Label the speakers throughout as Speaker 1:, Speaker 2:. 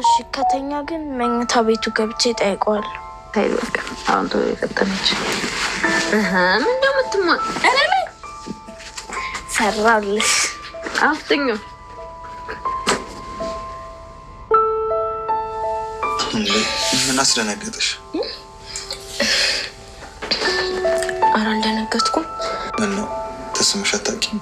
Speaker 1: እሺ ከተኛ ግን መኝታ ቤቱ ገብቼ ጠይቀዋል።
Speaker 2: አሁን የቀጠለች ምንደው ምትሞ
Speaker 1: ሰራልሽ
Speaker 2: አፍጥኙ
Speaker 3: ምን አስደነገጠሽ?
Speaker 1: ኧረ አልደነገጥኩም።
Speaker 3: ምነው ተስምሽ አታውቂም?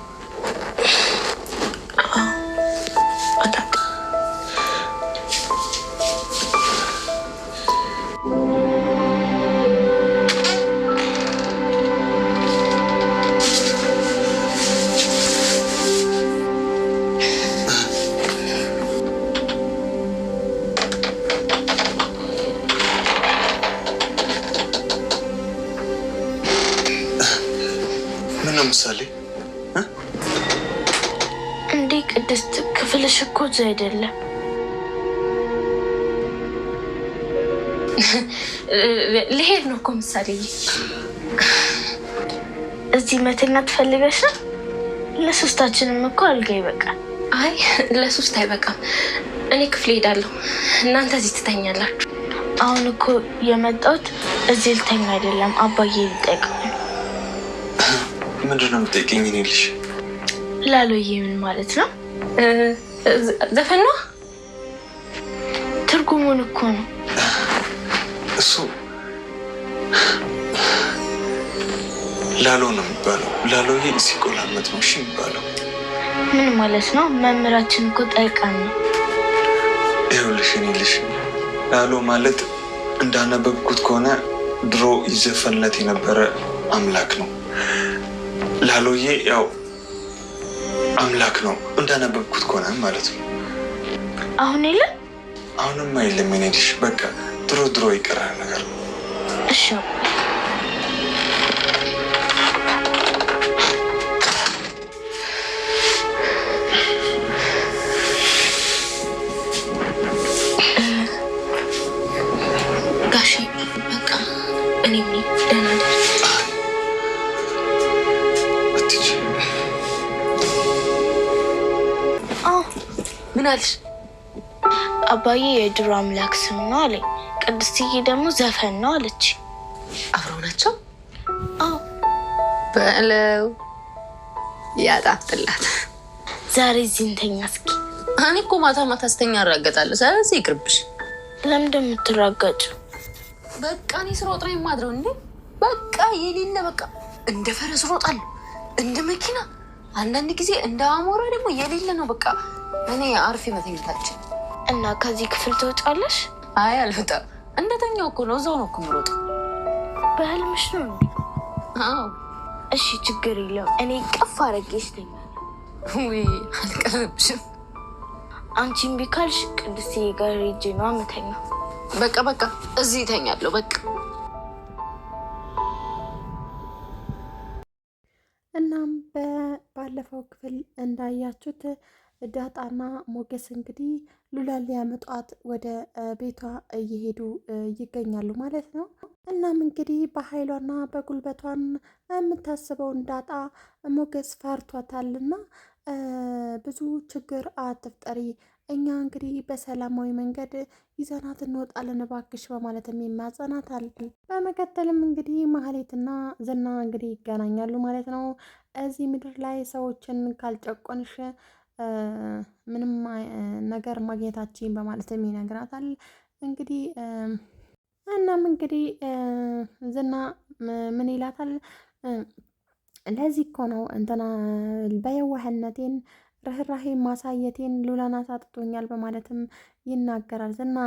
Speaker 1: ብዙ አይደለም።
Speaker 2: ልሄድ ነው እኮ ምሳሌ።
Speaker 1: እዚህ መተኛት ትፈልገሽ? ለሶስታችንም እኮ አልጋ ይበቃል።
Speaker 2: አይ ለሶስት አይበቃም። እኔ ክፍል ሄዳለሁ፣ እናንተ እዚህ ትተኛላችሁ።
Speaker 1: አሁን እኮ የመጣሁት እዚህ ልተኛ አይደለም፣ አባዬ ሊጠይቀኝ
Speaker 3: ምንድን ነው እኔ ልሽ
Speaker 1: ላሎዬ ምን ማለት ነው? ዘፈን ትርጉሙን እኮ ነው
Speaker 3: እሱ ላሎ ነው የሚባለው። ላሎዬ ሲቆላመጥ ነው እሺ የሚባለው።
Speaker 1: ምን ማለት ነው? መምህራችን እኮ ጠይቃን ነው።
Speaker 3: ይኸውልሽ እኔ ልሽ ላሎ ማለት እንዳነበብኩት ከሆነ ድሮ ይዘፈንለት የነበረ አምላክ ነው። ላሎዬ ያው አምላክ ነው እንዳነበብኩት ከሆነ ማለት ነው። አሁን የለም፣ አሁንም የለም። የኔ በቃ ድሮ ድሮ ይቀራል ነገር
Speaker 1: እሺ ምን አለሽ? አባዬ የድሮ አምላክ ስም ነው አለኝ። ቅድስትዬ ደግሞ ዘፈን ነው አለች። አብረው ናቸው? አዎ።
Speaker 2: በለው ያጣፍጥላት።
Speaker 1: ዛሬ እዚህ እንተኛ እስኪ።
Speaker 2: እኔ እኮ ማታ ማታ ስተኛ እራገጣለሁ። ስለዚህ ይቅርብሽ።
Speaker 1: ለምንድን የምትራገጩ?
Speaker 2: በቃ እኔ ስራ ወጥራ የማድረው እንዴ? በቃ የሌለ በቃ እንደ ፈረስ ሮጣለሁ እንደ መኪና አንዳንድ ጊዜ እንደ አሞራ ደግሞ የሌለ ነው። በቃ እኔ አርፌ መተኝታችን
Speaker 1: እና ከዚህ ክፍል ትወጫለሽ?
Speaker 2: አይ አልወጣም። እንደተኛው እኮ ነው፣ እዛው ነው እኮ የምሮጠው።
Speaker 1: በህልምሽ ነው? አዎ። እሺ ችግር የለም። እኔ ቀፍ አረጌ ስተኛ
Speaker 2: ወይ አልቀረብሽም።
Speaker 1: አንቺ እምቢ ካልሽ ቅድስት ጋር ሄጄ ነው የምተኛው።
Speaker 2: በቃ በቃ እዚህ ይተኛለሁ በቃ
Speaker 4: ባለፈው ክፍል እንዳያችሁት ዳጣና ሞገስ እንግዲህ ሉላን ሊያመጧት ወደ ቤቷ እየሄዱ ይገኛሉ ማለት ነው። እናም እንግዲህ በኃይሏና በጉልበቷን የምታስበውን ዳጣ ሞገስ ፈርቷታልና ብዙ ችግር አትፍጠሪ፣ እኛ እንግዲህ በሰላማዊ መንገድ ይዘናት እንወጣለን እባክሽ በማለት የሚማጸናት አለ። በመቀጠልም እንግዲህ ማህሌትና ዝና እንግዲህ ይገናኛሉ ማለት ነው። እዚህ ምድር ላይ ሰዎችን ካልጨቆንሽ ምንም ነገር ማግኘታችን በማለትም ይነግራታል። እንግዲህ እናም እንግዲህ ዝና ምን ይላታል? ለዚህ እኮ ነው እንትና በየዋህነቴን ርኅራሄ ማሳየቴን ሉላና ሳጥቶኛል በማለትም ይናገራል ዝና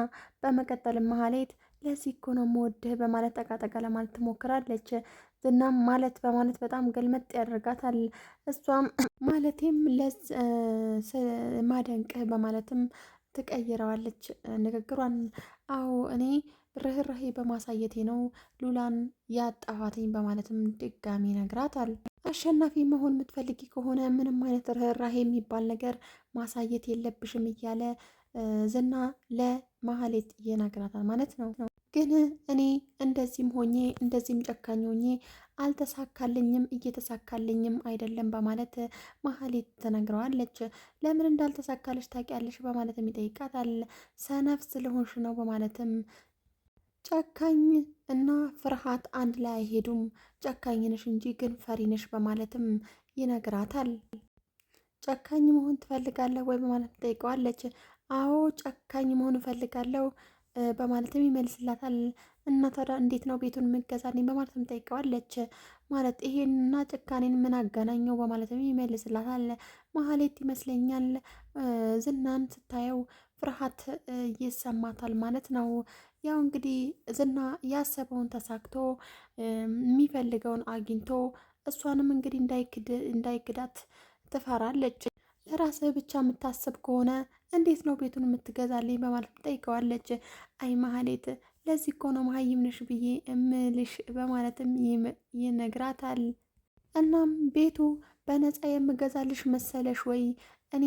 Speaker 4: በመቀጠልም መሀሌት ለዚህ እኮ ነው የምወድህ በማለት ጠቃጠቃ ለማለት ትሞክራለች። ዝናም ማለት በማለት በጣም ገልመጥ ያደርጋታል። እሷም ማለቴም ለዝ ማደንቅህ በማለትም ትቀይረዋለች ንግግሯን። አዎ እኔ ርኅራሄ በማሳየቴ ነው ሉላን ያጣኋትኝ በማለትም ድጋሚ ነግራታል። አሸናፊ መሆን የምትፈልጊ ከሆነ ምንም አይነት ርኅራሄ የሚባል ነገር ማሳየት የለብሽም እያለ ዝና ለማህሌት ይነግራታል ማለት ነው። ግን እኔ እንደዚህም ሆኜ እንደዚህም ጨካኝ ሆኜ አልተሳካልኝም እየተሳካልኝም አይደለም በማለት መሀሌት ተነግረዋለች። ለምን እንዳልተሳካለች ታውቂያለሽ በማለትም ይጠይቃታል። ሰነፍ ስለሆንሽ ነው በማለትም ጨካኝ እና ፍርሃት አንድ ላይ አይሄዱም። ጨካኝ ነሽ እንጂ ግን ፈሪ ነሽ በማለትም ይነግራታል። ጨካኝ መሆን ትፈልጋለሁ ወይ በማለት ትጠይቀዋለች። አዎ ጨካኝ መሆን እፈልጋለሁ በማለትም ይመልስላታል። እና ታዲያ እንዴት ነው ቤቱን የምገዛልኝ በማለትም ጠይቀዋለች። ማለት ይሄንና ጭካኔን ምን አገናኘው በማለትም ይመልስላታል። መሀሌት ይመስለኛል ዝናን ስታየው ፍርሃት ይሰማታል ማለት ነው። ያው እንግዲህ ዝና ያሰበውን ተሳክቶ የሚፈልገውን አግኝቶ እሷንም እንግዲህ እንዳይክዳት ትፈራለች። ለራስህ ብቻ የምታስብ ከሆነ እንዴት ነው ቤቱን የምትገዛልኝ? በማለት ጠይቀዋለች። አይ ማህሌት፣ ለዚህ እኮ ነው መሀይምንሽ ብዬ እምልሽ በማለትም ይነግራታል። እናም ቤቱ በነፃ የምገዛልሽ መሰለሽ ወይ እኔ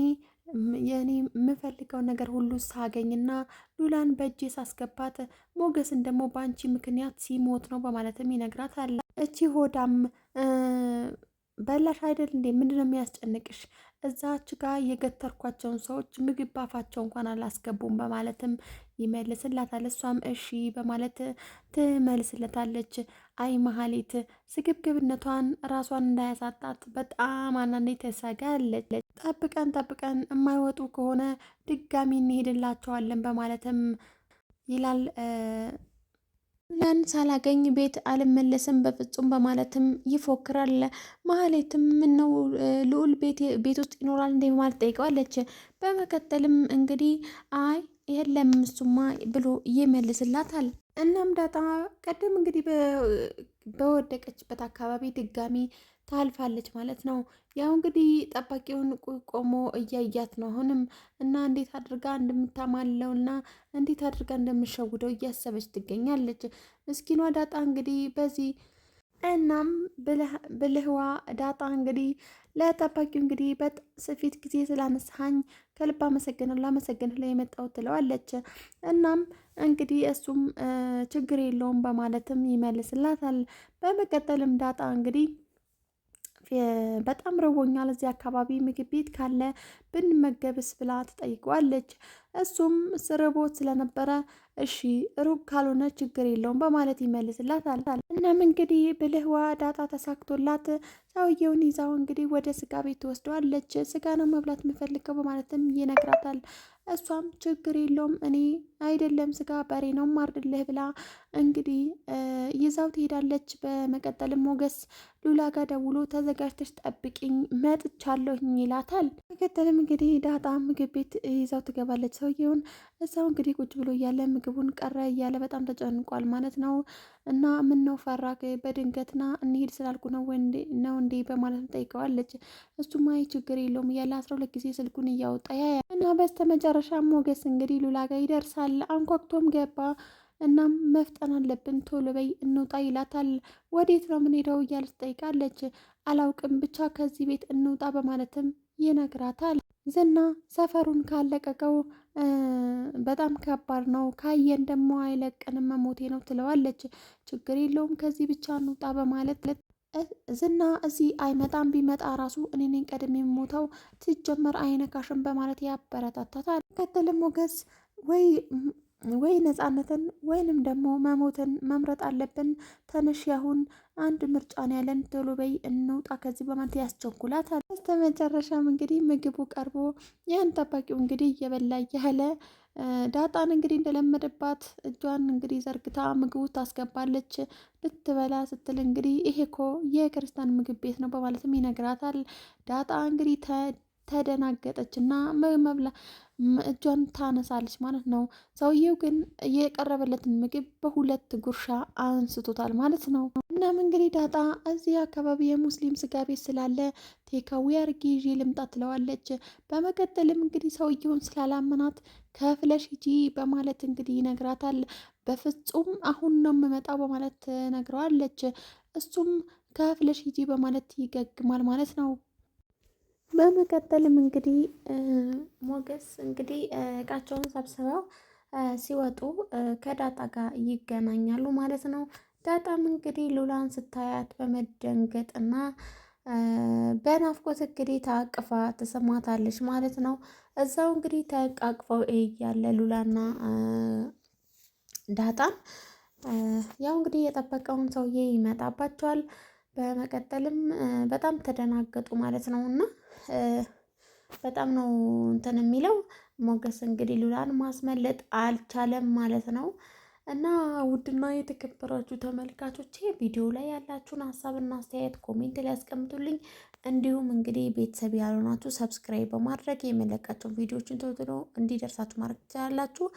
Speaker 4: የእኔ የምፈልገውን ነገር ሁሉ ሳገኝና ሉላን በእጄ ሳስገባት ሞገስን ደግሞ በአንቺ ምክንያት ሲሞት ነው በማለትም ይነግራታል። እቺ ሆዳም በላሽ አይደል እንዴ? ምንድነው የሚያስጨንቅሽ? እዛች ጋር የገተርኳቸውን ሰዎች ምግብ ባፋቸው እንኳን አላስገቡም በማለትም ይመልስላታል። እሷም እሺ በማለት ትመልስለታለች። አይ መሀሌት ስግብግብነቷን ራሷን እንዳያሳጣት በጣም አናንዴ ተሰጋለች። ጠብቀን ጠብቀን የማይወጡ ከሆነ ድጋሚ እንሄድላቸዋለን በማለትም ይላል። ያን ሳላገኝ ቤት አልመለስም በፍጹም በማለትም ይፎክራል። መሀሌትም ምነው ልዑል ቤት ውስጥ ይኖራል እንዴ በማለት ጠይቀዋለች። በመቀጠልም እንግዲህ አይ የለም እሱማ ብሎ ይመልስላታል። እናም ዳጣ ቀደም እንግዲህ በወደቀችበት አካባቢ ድጋሚ ታልፋለች ማለት ነው። ያው እንግዲህ ጠባቂውን ቆሞ እያያት ነው አሁንም እና እንዴት አድርጋ እንደምታማለው እና እንዴት አድርጋ እንደምሸውደው እያሰበች ትገኛለች። ምስኪኗ ዳጣ እንግዲህ በዚህ እናም ብልህዋ ዳጣ እንግዲህ ለጠባቂው እንግዲህ በስፊት ጊዜ ስላነሳኝ ከልብ አመሰግናለሁ ላመሰግንህ ላይ የመጣው ትለዋለች። እናም እንግዲህ እሱም ችግር የለውም በማለትም ይመልስላታል። በመቀጠልም ዳጣ እንግዲህ በጣም ርቦኛል፣ እዚህ አካባቢ ምግብ ቤት ካለ ብንመገብስ ብላ ትጠይቀዋለች። እሱም ስርቦት ስለነበረ እሺ ሩቅ ካልሆነ ችግር የለውም በማለት ይመልስላታል። እናም እንግዲህ ብልህዋ ዳጣ ተሳክቶላት ሰውየውን ይዛው እንግዲህ ወደ ስጋ ቤት ትወስደዋለች። ስጋ ነው መብላት የምፈልገው በማለትም ይነግራታል። እሷም ችግር የለውም እኔ አይደለም ስጋ በሬ ነው ማርድልህ ብላ እንግዲህ ይዛው ትሄዳለች። በመቀጠልም ሞገስ ሉላ ጋ ደውሎ ተዘጋጅተሽ ጠብቂኝ መጥቻለሁኝ ይላታል። መቀጠልም እንግዲህ ዳጣ ምግብ ቤት ይዛው ትገባለች ሰውየውን። እዛው እንግዲህ ቁጭ ብሎ እያለ ምግቡን ቀረ እያለ በጣም ተጨንቋል ማለት ነው። እና ምን ነው ፈራክ? በድንገትና እንሄድ ስላልኩ ነው ነው እንዴ በማለት ጠይቀዋለች። እሱማ ችግር የለውም እያለ አስራ ሁለት ጊዜ ስልኩን እያወጣ ያያ እና በስተ ሞገስ እንግዲህ ሉላ ጋር ይደርሳል። አንኳክቶም ገባ። እናም መፍጠን አለብን ቶሎ በይ እንውጣ ይላታል። ወዴት ነው የምንሄደው እያለ ጠይቃለች። አላውቅም ብቻ ከዚህ ቤት እንውጣ በማለትም ይነግራታል። ዝና ሰፈሩን ካለቀቀው በጣም ከባድ ነው፣ ካየን ደግሞ አይለቀንም፣ መሞቴ ነው ትለዋለች። ችግር የለውም ከዚህ ብቻ እንውጣ በማለት ዝና እዚህ አይመጣም፣ ቢመጣ ራሱ እኔን ቀድሜ የምሞተው ሲጀመር አይነካሽም በማለት ያበረታታታል። ቀጥልም ሞገስ ወይ ወይ ነፃነትን ወይንም ደግሞ መሞትን መምረጥ አለብን። ተነሽ ያሁን አንድ ምርጫን ያለን ቶሎ በይ እንውጣ ከዚህ በማለት ያስቸኩላታል። በስተመጨረሻም እንግዲህ ምግቡ ቀርቦ ያን ጠባቂው እንግዲህ እየበላ እያለ ዳጣን እንግዲህ እንደለመደባት እጇን እንግዲህ ዘርግታ ምግቡ ታስገባለች። ልትበላ ስትል እንግዲህ ይሄ እኮ የክርስቲያን ምግብ ቤት ነው በማለትም ይነግራታል። ዳጣ እንግዲህ ተደናገጠች እና መብላ እጇን ታነሳለች ማለት ነው። ሰውየው ግን የቀረበለትን ምግብ በሁለት ጉርሻ አንስቶታል ማለት ነው። እናም እንግዲህ ዳጣ እዚህ አካባቢ የሙስሊም ስጋ ቤት ስላለ ቴካዊ አርጊ ይዤ ልምጣ ትለዋለች። በመቀጠልም እንግዲህ ሰውየውን ስላላመናት ከፍለሽ ሂጂ በማለት እንግዲህ ይነግራታል። በፍጹም አሁን ነው የምመጣው በማለት ነግረዋለች። እሱም ከፍለሽ ሂጂ በማለት ይገግማል ማለት ነው። በመቀጠልም እንግዲህ ሞገስ እንግዲህ እቃቸውን ሰብስበው ሲወጡ ከዳጣ ጋር ይገናኛሉ ማለት ነው። ዳጣም እንግዲህ ሉላን ስታያት በመደንገጥ እና በናፍቆት እንግዲህ ታቅፋ ትሰማታለች ማለት ነው። እዛው እንግዲህ ተቃቅፈው እያለ ሉላና ዳጣም ያው እንግዲህ የጠበቀውን ሰውዬ ይመጣባቸዋል። በመቀጠልም በጣም ተደናገጡ ማለት ነው እና በጣም ነው እንትን የሚለው ሞገስ እንግዲህ ሉላን ማስመለጥ አልቻለም ማለት ነው። እና ውድና የተከበራችሁ ተመልካቾች ቪዲዮ ላይ ያላችሁን ሀሳብና አስተያየት ኮሜንት ላይ ያስቀምጡልኝ። እንዲሁም እንግዲህ ቤተሰብ ያልሆናችሁ ሰብስክራይብ በማድረግ የመለቃቸውን ቪዲዮዎችን ቶሎ እንዲደርሳችሁ ማድረግ ትችላላችሁ።